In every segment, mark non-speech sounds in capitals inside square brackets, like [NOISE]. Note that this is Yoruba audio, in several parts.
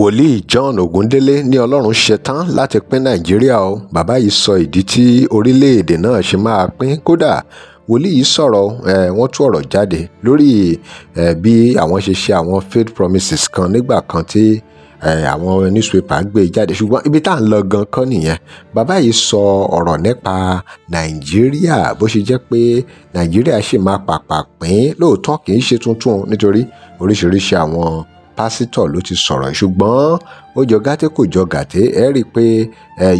wòlíì john ogundele ní ọlọ́run ṣetán láti pín nàìjíríà o bàbá yìí sọ ìdí tí orílẹ̀-èdè náà ṣe máa pín kódà wòlíì yìí sọ̀rọ̀ wọ́n tú ọ̀rọ̀ jáde lórí bí àwọn ṣe ṣe àwọn faith promises kan nígbà kan tí àwọn newspaper gbé e jáde ṣùgbọ́n ibi tá à ń lọ gan kọ́ nìyẹn bàbá yìí sọ ọ̀rọ̀ nípa nàìjíríà bó ṣe jẹ́ pé nàìjíríà ṣì máa pàpà pín lóòótọ́ kì í ṣe tuntun nítorí oríṣiríṣi àwọn pásítọ̀ ló ti sọ̀rọ̀ ṣùgbọ́n ó jọ gàtẹ́ kò jọ gàtẹ́ ẹ rí i pé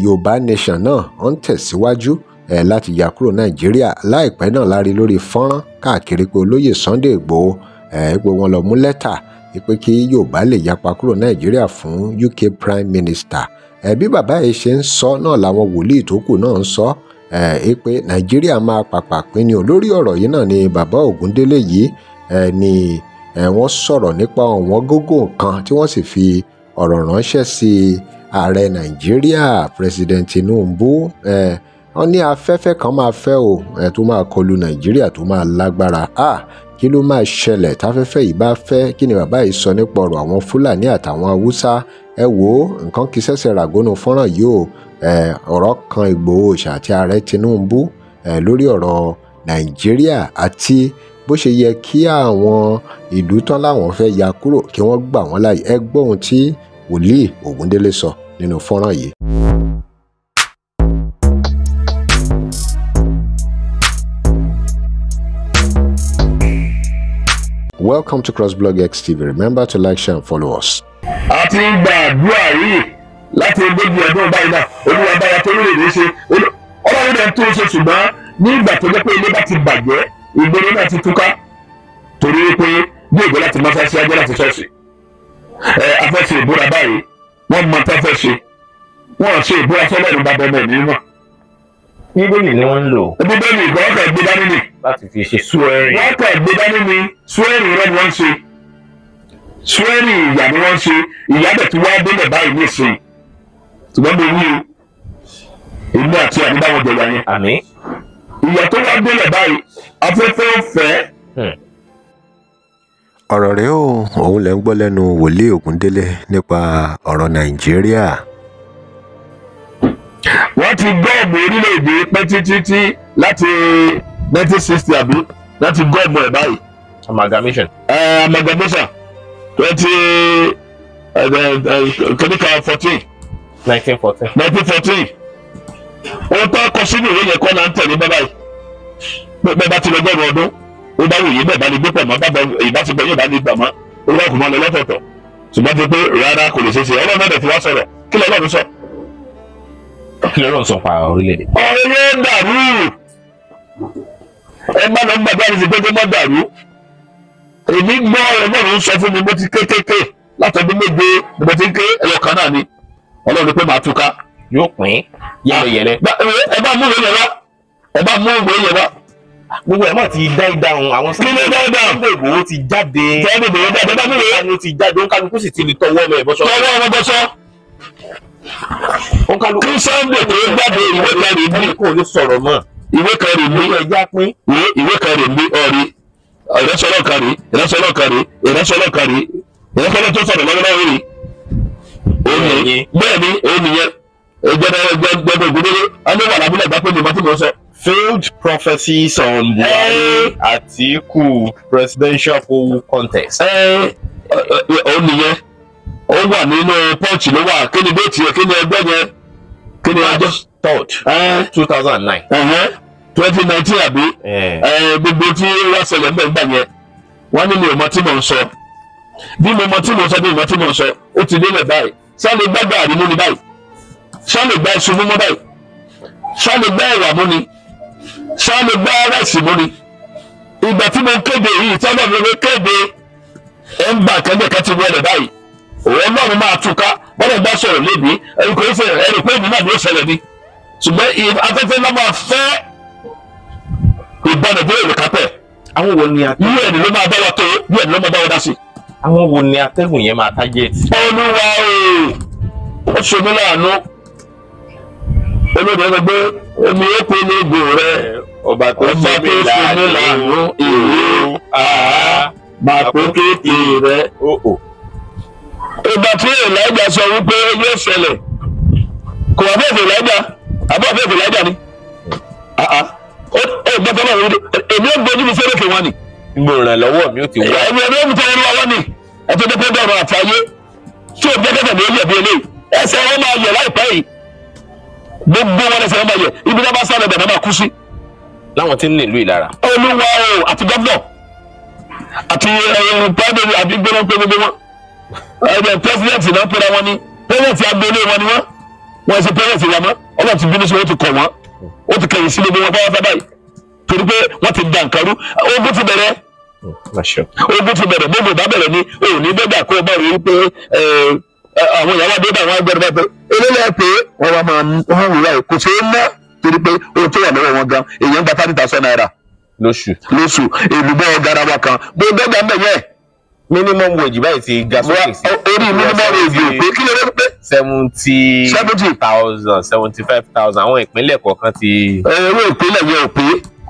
yorùbá nation náà ó ń tẹ̀síwájú ẹ láti yà kúrò nàìjíríà láìpẹ́ náà lárí lórí fọ́nrán káàkiri pé olóyè Sunday Igboho ẹ pé wọ́n lọ mú lẹ́tà pé kí yorùbá lè yapa kúrò nàìjíríà fún UK Prime Minister ẹ bí bàbá yìí ṣe ń sọ náà làwọn wòlíì tó kù náà ń sọ ẹ pé nàìjíríà máa pàpà pinnu lórí ọ̀rọ̀ yìí náà ni bàbá Ògúndélé yìí ẹ ní ẹ̀ wọ́n sọ̀rọ̀ nípa ọ̀wọ́n gógó nǹkan tí wọ́n sì fi ọ̀rọ̀ ránṣẹ́ sí ààrẹ nàìjíríà president tinubu ẹ̀ wọ́n ní afẹ́fẹ́ kan máa fẹ́ o ẹ̀ tó máa kọlu nàìjíríà tó máa lágbára a kí ló máa ṣẹlẹ̀ táfẹ́fẹ́ yìí bá fẹ́ kí ni bàbá yìí sọ nípa ọ̀rọ̀ àwọn fúlàní àtàwọn haúsá ẹ wo nǹkan kì í ṣẹ̀ṣẹ̀ ràgónú fọ́nrán yìí o ọ̀rọ̀ kan ìgbòho ṣàti ààrẹ tinubu lórí ọ̀rọ̀ nàìjíríà àti bó ṣe yẹ kí àwọn ìlú tán láwọn fẹ́ ya kúrò kí wọ́n gbà wọ́n láàyè ẹ ohun tí wòlíì Ògúndélé sọ nínú fọ́nrán yìí. Welcome to crossblog xtv remember to like share and follow us. a ti ń gba àdúrà yìí láti ogójì ọdún báyìí náà olúwa tó lórí ìdí ṣe ọlọ́run náà tó ṣe ṣùgbọ́n ní ìgbà tó jẹ́ pé ilé bá ti bàjẹ́ ìgboro náà ti túká torí pé bí ègbó láti máa fẹ́ ṣe ajé láti fẹ́ ṣe ẹ afẹ́ṣe ìbúra báyìí wọ́n mọ tá fẹ́ ṣe wọ́n ṣe ìbúra fẹ́lẹ́rù bàbá ọmọ ẹ̀mí náà. bíbélì ni wọ́n ń lò. bíbélì ìgbọ́n kan gbé dání ni. láti fi ṣe súwẹ́rì. wọ́n kan gbé dání ni súwẹ́rì rẹ ni wọ́n ń ṣe súwẹ́rì ìyá ni wọ́n ń ṣe ìyá bẹ̀ tí wọ́n délẹ̀ báyìí ní ìsìn ṣùgbọ́n mo wí o èmi àti àbí báwọn jẹ ìyá yẹn. àmín ìyà tó wá délẹ̀ báyìí afẹ́fẹ́ ọ̀fẹ́. Hmm. ọ̀rọ̀ rèé o òun lẹ́ ń gbọ́ lẹ́nu wòlíì ògúndélé nípa ọ̀rọ̀ nàìjíríà. wọ́n ti gọ́ọ̀mù orílẹ̀-èdè pẹ́ títí tí láti nineteen sixty àbí láti gọ́ọ̀mù ẹ̀ báyìí. amalgamation. ẹ amalgamation twenty kìnnìkan fourteen. nineteen fourteen. nineteen fourteen. wọ́n tọ́ akọ sínú ìwé yẹn kọ́ náà ń tẹ̀lé báyìí bẹ́ẹ̀ bá ti lọ gbẹ́rù ọdún ó bá wòye bẹ́ẹ̀ bá lè gbé pẹ̀mọ́ bá ìbá ti gbẹ́yìn bá lè gbà mọ́ ó bá kù mọ́ lọ lọ́tọ̀ọ̀tọ̀ ṣùgbọ́n ti pé rárá kò lè ṣeéṣe ọlọ́run náà dẹ̀ ti wá sọ̀rọ̀ kí lọ́lọ́run sọ. kí lọ́lọ́run sọ pa orílẹ̀-èdè. ọ̀rẹ́ dàrú ẹ má lọ gbàgbé àrùsí pé kó má dàrú èmi gbọ́ ọlọ́run sọ fún mi mo ti kékeré látọdún méje mo ti ń ké ẹyọ kan náà ni ọlọ́run pé màá túká. yóò pín yẹlẹyẹlẹ. ẹ bá mú mi lọ ọba mú ògbó yẹn wá gbogbo ẹ̀ mọ̀ ti dá ìdá òun àwọn sí ilé dá ìdá òun ìgbòho ti jáde jáde ìgbòho jáde bá mi rèé ó ti jáde ó ń kálukú sì ti lè tọwọ́ ọmọ ìbọsọ tọwọ́ ọmọ ìbọsọ ó ń kálukú kí Sunday tó jáde ìwé kan rè mí kò ní sọ̀rọ̀ mọ́ ìwé kan rè mí ìwé kan rè mí ọ̀rẹ́ ìrẹsọ̀lọ́ kan rè ìrẹsọ̀lọ́ kan rè ìrẹsọ̀lọ́ kan rè ìrẹsọ̀lọ́ tó sọ̀rọ̀ lọ́wọ́lọ́wọ́ rè bẹ́ẹ̀ ni òun nìyẹn gbẹdẹ gbẹdẹ gbẹdẹ gbẹdẹ failed prophecies on Buhari eh. Atiku presidential poll contest. Eh. Eh, ó nìyẹn ó wà nínú pọ́ọ̀tì ló wà kí ni déètì yẹn kí ni ẹgbẹ́ yẹn kí ni ọjọ́ third two thousand and nine twenty nineteen àbí gbogbo tí wọ́n ṣẹlẹ̀ ńbẹ̀ ńgbà yẹn wọ́n ní mi ò mọ tí mò ń sọ bí mo mọ tí mò ń sọ bí mo mọ tí mò ń sọ ó ti délẹ̀ báyìí sálẹ gbàgbà àrímú ni báyìí sálẹ gbà ìṣubú mọ́ báyìí sálẹ gbà ìwà mú ni sọ́ọ́nù gbá rẹ̀sì mórí ìgbà tí mo kéde yìí tí ọlọ́run ló kéde ẹ̀ ń gbà kẹ́lẹ́ kan ti wọlé báyìí òun ọlọ́run máa túká bọ́dọ̀ bá sọ̀rọ̀ lébi ẹ̀rù kò fẹ́ ẹ̀rù pé èmi náà ló ṣẹlẹ̀ ni ṣùgbọ́n afẹ́fẹ́ náà máa fẹ́ ìbọnà bóyá olùkápẹ́ àwọn wo ni atẹ́gùn yóò ẹni ló máa bá wa tó yóò ẹni ló máa bá wa dá sí. àwọn wo ni atẹ́gùn yẹn máa tájẹ́ ti. olúwa o ó ṣomi láàánú olóògbé ẹgbẹ́ omi ó pe ní egbò rẹ ọba tó sọ mí làánú ìlú àá màkókéèké rẹ òhò. ìgbà tí Èlíjà sọ wípé yóò ṣẹlẹ̀ kò wá bẹ́ẹ̀ Èlíjà àbọ̀ bẹ́ẹ̀ Èlíjà ni ẹ gbọ́dọ̀ náà wọlé èmi ò gbójú mi fẹ́rẹ̀ kí wọ́n ni. mo ràn lọ́wọ́ mi ò ti wá. ẹ̀mí ẹ̀mí ẹ̀mí tẹ̀lé lọ́wọ́ ni ẹ̀tọ́ dẹ́pẹ́ dọ̀rọ̀ àtàyé tí o dẹ́pẹ́ tẹ̀lé yẹ̀ bí eléyìí ẹsẹ̀ wọn máa yẹ láìpẹ́ yìí gbogbo wọn ẹsẹ̀ wọn máa yẹ ibi náà bá sáré láwọn tí ń nílùú ìlara. olúwa o àti gọ́dọ̀ àti pàdébí eh, eh, àti gbẹ́rẹ́ pé gbogbo wọn ẹgbẹ́ pẹ́sidẹ́ǹtì náà pẹ́ra wọn ni pẹ́sidẹ́ǹtì agboolé wọn ni wọ́n wọ́n ṣe pẹ́sidẹ́ǹtì wọn mọ́ ọlọ́run ti bínú sí wọn ti kọ̀ wọ́n ó ti kẹ̀yìn sí gbogbo wọn báwọn fẹ́ báyìí torí pé wọ́n ti dà nǹkan rú ogun ti bẹ̀rẹ̀ ogun ti bẹ̀rẹ̀ bóbó bá bẹ̀rẹ̀ ni òun ní bẹ́ẹ̀ kó bá rí pé eh, àwọn ìyàwó adébáyé wọn gbẹdẹ bá torí pé ohun tó wà lọ́wọ́ wọn gan èèyàn gba thirty thousand naira lóṣù lóṣù èlùbọ́ garawa kan bó dọ́gba ń bẹ̀ minimum wage báyìí ti ga sókè sí. orí minimum wage ò pé kí ló dé pé. seventy thousand seventy five thousand àwọn ìpínlẹ̀ kọ̀ọ̀kan ti. owó ìpínlẹ̀ yẹn ò pé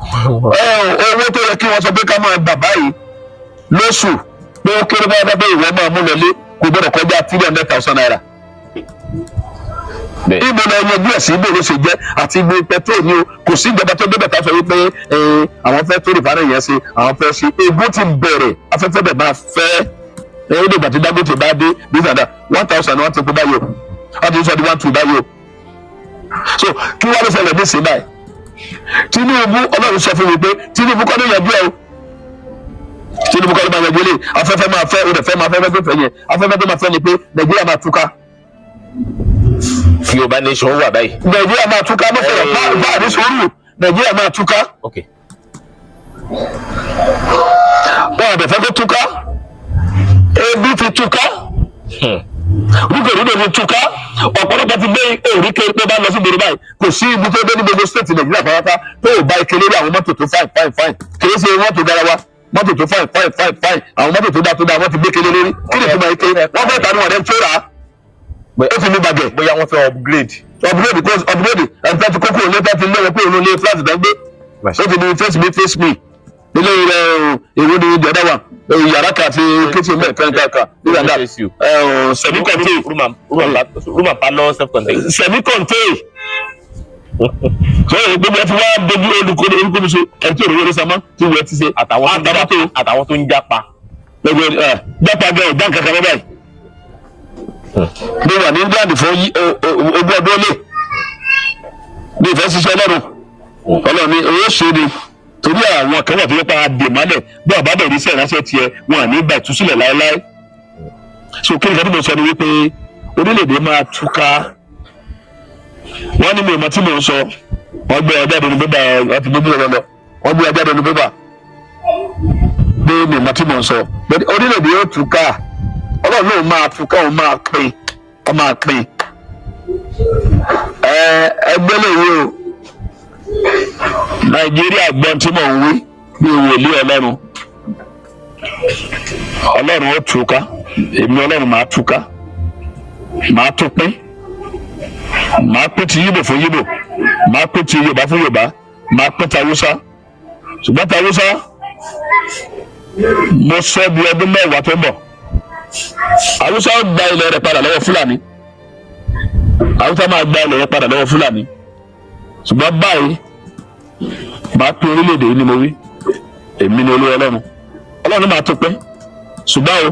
[LAUGHS] owó tó yẹ kí wọ́n sọ pé ká máa gbà báyìí lóṣù pé ó kéré báyìí bá bẹ́ẹ̀ ìwọ́n máa mú lọlé kò gbọ́dọ̀ kọjá three hundred thousand naira ibo la ẹni ẹgbẹ́ ẹ̀sìn ibo ló ṣe jẹ́ àti ibo petrol ni o kò sí ìjọba tó débẹ̀ tá a sọ wípé àwọn fẹ́ tó rìfárẹ̀ yẹn ṣe àwọn fẹ́ ṣe egbó ti bẹ̀rẹ̀ afẹ́fẹ́ bẹ̀ máa fẹ́ ẹ̀ ó dìgbà tí Dangote bá dé bí sàdá one thousand one tẹ̀kọ́ báyìí o one thousand one two báyìí o so kí wọ́n ló ṣẹlẹ̀ ní sí báyìí Tinubu Ọlọ́run sọ fún mi pé Tinubu kọ́ ló yẹjú ẹ o Tinubu kọ́ ló máa yẹjú ẹ afẹ́fẹ́ máa fẹ́ o rẹ̀ fẹ́ máa fẹ́fẹ́ fẹ́ yẹn afẹ́fẹ́ tó máa fẹ́ ni pé Nàìjíríà máa túká Yorùbá nation wà báyìí. Nàìjíríà máa túká bó fẹ́rẹ̀ bá àdé sòrò Nàìjíríà máa túká. Wọ́n àbẹ̀ fẹ́ kó túká. Ebi ti túká. Hmm. Rúkèrúdò ti túká. Ọ̀pọ̀lọpọ̀ ti gbé èrí kéré pé bá lọ sí Yorùbá yìí. Kò sí ibi tó dé ní gbogbo stéètì Nàìjíríà pàápàá tó ò bá ike lórí àwọn mọ́tò tó fáìn fáìn fáìn. Kì í ṣe mọ́tò garawa mọ́tò tó fáìn fáìn fáìn fáìn àwọn mọ́tò tó dá tó dá wọ́n ti gbé kéré lórí. Kí ó fi mí bàjẹ́. bóyá wọ́n fẹ́ upgrade. upgrade because upgrade ẹ̀fẹ́ ti kókó olóòtú àti ilé ẹ̀pẹ́ olóòlé flat dágbé. ó ti di face me face me nílé rẹ̀ èrò ni ìjọba wà yàrá kan àti kitchen bẹ́ẹ̀ kan kan kan nígbà náà semi contain room and parlour self contain. semi contain sọ yẹn gbogbo ẹ ti wá dojú olùkọ́ olùkọ́niṣe ẹ tí òróró sàmá tí wọ́n ti ṣe àtàwọn tó àtàwọn tó ń japa. gbogbo ẹ jápa gan ọ̀dà kankan báyìí mo wà ní England fún ogún ọdún lé mi fẹ́ ṣiṣẹ́ lọ́rùn ọlọ́run ni owó ṣe ni torí àwọn kan wà tó yẹ pa àdèmálẹ̀ bí ọba bẹ̀rẹ̀ iṣẹ́ ìránṣẹ́ tiẹ̀ wọn à ní gbà ìtúsílẹ̀ láéláé so kí nìkan tí mo sọ ni wípé orílẹ̀-èdè máa túká wọ́n ní mi ò mọ tí mò ń sọ wọ́n gbé ọjà ìdòdò bébà ẹ ti gbégbé ọ̀rọ̀ lọ wọ́n gbé ọjà ìdòdò bébà pé mi ò mọ tí mò ń sọ orílẹ̀ yóò túká ọlọ́run náà máa fún káwọn máa pín ọ máa pín ẹ ẹgbẹ́ lè wí o nàìjíríà gbọ́n tí mò ń wí bí wòlíì ọlọ́run ọlọ́run ó túká èmi ọlọ́run máa túká máa tún pín máa pín ti yíbò fún yíbò máa pín ti yorùbá fún yorùbá máa pín ta wúsá ṣùgbọ́n ta wúsá mo sọ bí ọdún mẹ́wàá tó ń bọ̀ haúsá ó gba ilẹ̀ rẹ̀ padà lọ́wọ́ fulani haúsá máa gba ilẹ̀ rẹ̀ padà lọ́wọ́ fulani ṣùgbọ́n báyìí máa pín orílẹ̀-èdè yìí ni mo wí èmi ni olúwa ọlọ́run ọlọ́run máa tó pẹ́ ṣùgbọ́n o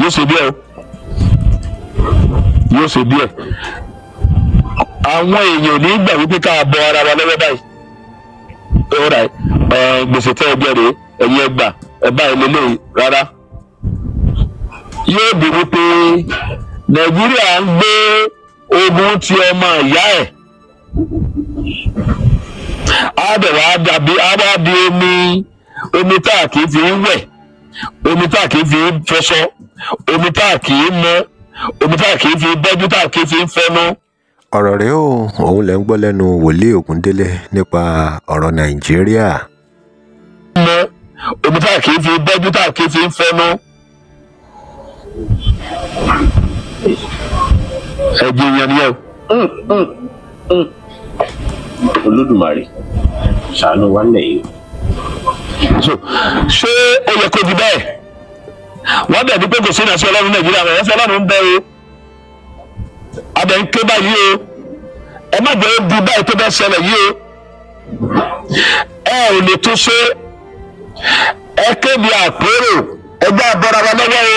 yóò ṣe díẹ̀ o yóò ṣe díẹ̀ àwọn èèyàn ò ní gbà wípé ká bọ ara wa lọ́wọ́ báyìí gbèsè tẹ́ ẹ jẹ́ rèé ẹ̀yin ẹ gbà ẹ báyìí lélẹ́yìn rárá. yóò dìbò pé nàìjíríà ń gbé ogun ti ọmọ ìyá ẹ̀ á bẹ̀ wá dàbí á bá di omi omi tá a fi ń wẹ̀ omi tá a kì omi tá a omi tá a fi bẹ́jú tá a fi ń fẹnu. ọ̀rọ̀ o òun lẹ́ ń gbọ́ lẹ́nu wòlíì ògúndélé nípa ọ̀rọ̀ nàìjíríà. omi tá a kì fi bẹ́jú tá a ẹ̀jẹ̀ èèyàn ni ẹ o. Mm, mm, mm. olódùmarè ṣàánú wa nílẹ̀ yìí. ṣé ó yẹ kó di bẹ́ẹ̀ wọ́n dẹ̀ bí pé kò sí ìrìnàṣẹ́ ọlọ́run nàìjíríà rẹ̀ ẹ̀ṣẹ̀ ọlọ́run ń bẹ o abẹ ń ké báyìí o ẹ má jẹ́ bí báyìí tó bẹ́ ṣẹlẹ̀ yìí o ẹ ò lè tún ṣe ẹ kéde àpérò ẹgbẹ́ abọ́ra wa lọ́wọ́ o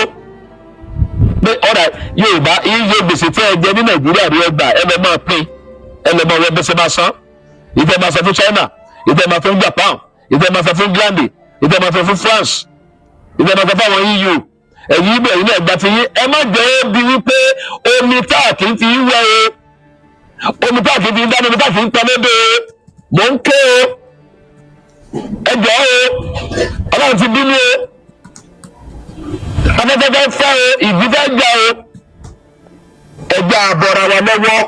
pé ọ̀rà yorùbá iye gbèsè tí ẹ jẹ ní nàìjíríà rí ẹgbà ẹ lọ máa pín ẹ lọ máa wọ ẹgbẹ́ sẹ máa san ìtẹ́ máa san fún china ìtẹ́ máa san fún japan ìtẹ́ máa san fún england ìtẹ́ máa san fún france ìtẹ́ máa san fún àwọn eu ẹ̀yìn ibẹ̀ yìí náà gba ti yín ẹ má jẹ́ ó di wípé omi táàkì ti ń wẹ̀ o omi táàkì ti ń dáná omi táàkì ń tan lédè o mò ń ké o ẹ jọ o ọlọ́run ti bínú o afẹ́fẹ́fẹ́ fẹ́ o ìdí fẹ́ gbà o ẹgbẹ́ àbọ̀ra wa lọ́wọ́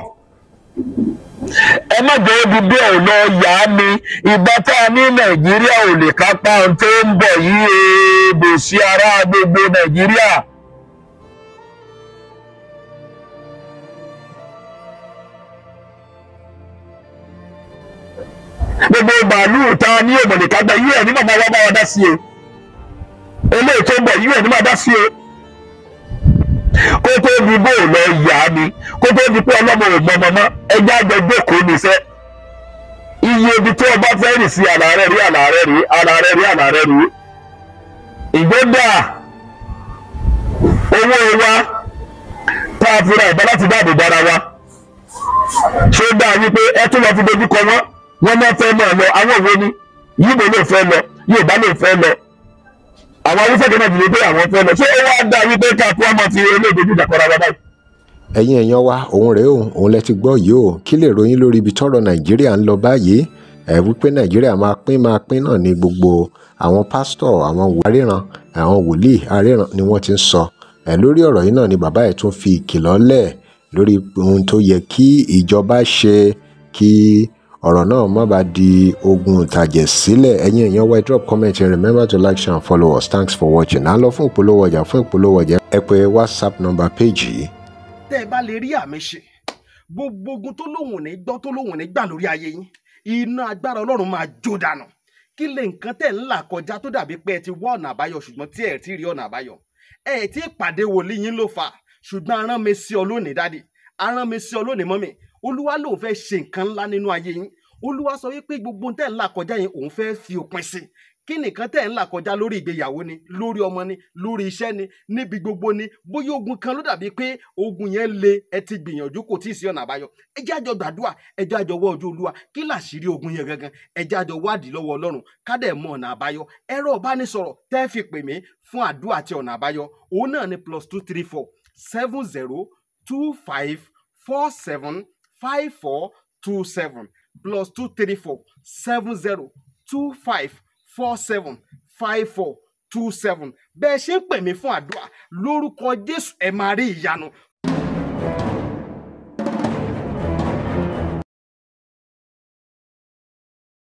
ẹ má jẹ́ ibi bí ẹ̀ lọ yá mi ìgbà tá a ní nàìjíríà ò lè kápá ohun tó ń bọ̀ yìí èèbò sí ara gbogbo nàìjíríà. gbogbo bàálù ta ní òmòlè kágbá yìí ẹ̀ ní màmá wa bá wa dá sí o eléyìí tó ń bọ̀ yíyọ̀ ní máa dá sí o kó tó di bó lọ yà á ni kó tó di pé ọlọ́mọ ò gbọ́ mọ́mọ́ ẹjẹ́ àgbẹ̀gbẹ̀ kò ní sẹ́ iye ibi tí ọba fẹ́ rìn sí àlàárẹ̀ rí àlàárẹ̀ rí àlàárẹ̀ rí àlàárẹ̀ rí ìgbẹ́dà owó wa tá a fura ìbá láti dáàbò dára wa ṣé ó dáa wípé ẹ tún lọ fi dojú kọ wọn wọn náà fẹ́ mọ̀ lọ àwọn òwe ni yíbo ló fẹ́ lọ Yorùbá ló fẹ́ lọ àwọn arúfẹ́ kan náà dìde pé àwọn fẹ́ lọ ṣé ó wá dá wípé káàkó ọmọ ti eléèdè jù dàkọ́ra wa báyìí. ẹ̀yin èèyàn wa òun rèé òun òun lẹ ti gbọ́ yìí o kí lè ròyìn lórí ibi tọ́rọ̀ nàìjíríà ń lọ báyìí ẹ wípé nàìjíríà máa pín máa pín náà ní gbogbo àwọn pásítọ̀ àwọn aríran àwọn wòlíì aríran ni wọ́n ti ń sọ ẹ lórí ọ̀rọ̀ yìí náà ni bàbá ẹ̀ tún fi ìkìlọ̀ lẹ̀ lórí ohun tó yẹ kí ìjọba ṣe kí ọ̀rọ̀ náà má bàa di ogun ìtàjẹ̀ sílẹ̀ ẹ̀yin èèyàn wa drop comment and remember to like share and follow us thanks for watching à ń lọ fún ìpolówó ọjà fún ìpolówó ọjà ẹ pè whatsapp number page yìí. tẹ́ ẹ bá lè rí àmì ṣe gbogbo ogun tó lóun ní gbọ́ tó lóun ní gbà lórí ayé yín iná agbára ọlọ́run máa jó dànù kí lè nǹkan tẹ̀ ń là kọjá tó dàbí pé ẹ ti wá ọ̀nà àbáyọ ṣùgbọ́n tí ẹ ti rí ọ̀nà àbáyọ ẹ ti pàdé wòlíì ló fà ṣùgbọ́n arán mi sí ọ lónìí mọ́mì olúwa lòun fẹ́ ṣe nǹkan ńlá nínú ayé yín olúwa sọ wípé gbogbo tẹ́ ń là kọjá yẹn òun fẹ́ fi òpin sí kí nìkan tẹ́ ń là kọjá lórí ìgbéyàwó ni lórí ọmọ ni lórí iṣẹ́ ni níbi gbogbo ni bóyá ogun kan ló dàbí pé ogun yẹn le ẹ ti gbìyànjú kò tí ì sí ọ̀nà àbáyọ ẹ jẹ́ àjọ gbàdúrà ẹ jẹ́ àjọ wọ ojú olúwa kí làṣírí ogun yẹn gangan ẹ jẹ́ àjọ wádìí lọ́wọ́ ọlọ́run kádẹ̀ mọ ọ̀nà àbáyọ ẹ̀rọ ìbánisọ̀rọ̀ tẹ́ fi pè mí fún àdúrà àti ọ̀nà àbáyọ òun náà ni plus two three four seven zero two five four seven five four two seven plus two three four seven zero two five four seven five four two seven bẹ́ẹ̀ ṣe ń pè mí fún àdúrà lórúkọ Jésù ẹ̀ máa rí ìyanu